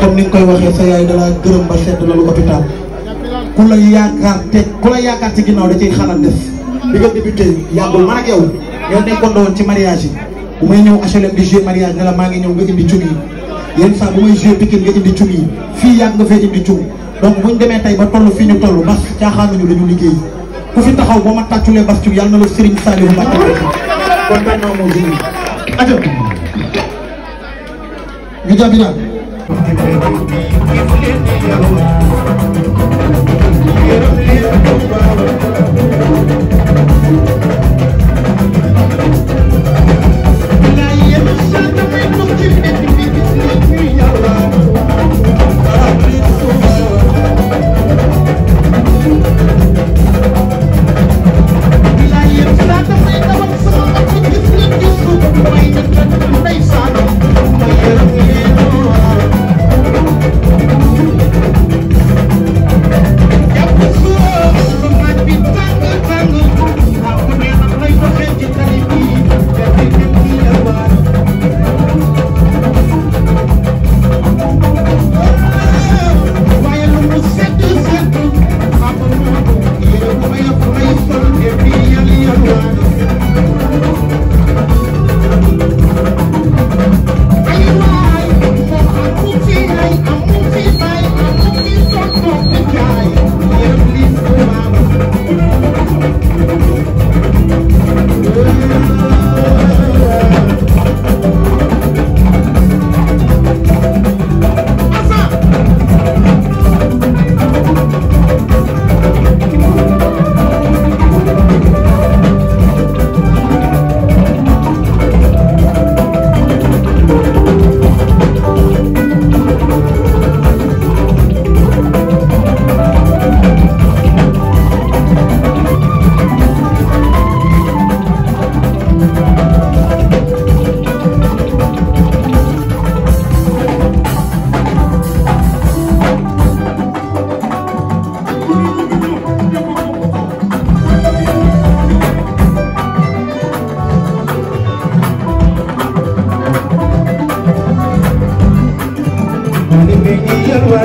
comme ni nga koy waxee sa yaay dalaa gërëm ba sedd loolu hôpital ku la yaakaar te ku la yaakaar ci ginnaaw da ciy xalaat def bi nga débuté yàggul man ak yow yow nekkoon woon ci mariage yi bu may ñëw HLM di joué mariage ne maa ngi ñëw nga indi cun yi yenn saa bu may joué Pikine nga indi cun yi fii yàgg nga fee indi cun donc buñ demee tey ba toll fii ñu toll bas caaxaanuñu dañu liggéey ku fi taxaw boo ma tàcculee bas ci yàlla na la Serigne Thank you.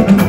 Thank you.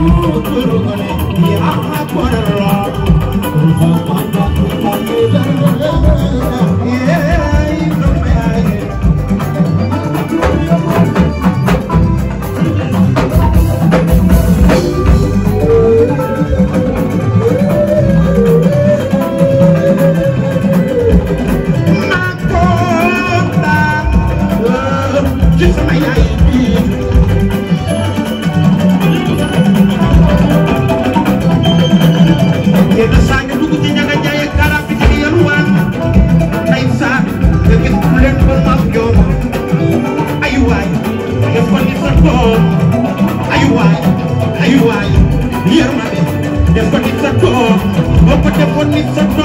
I'm nit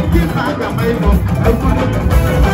Thank you.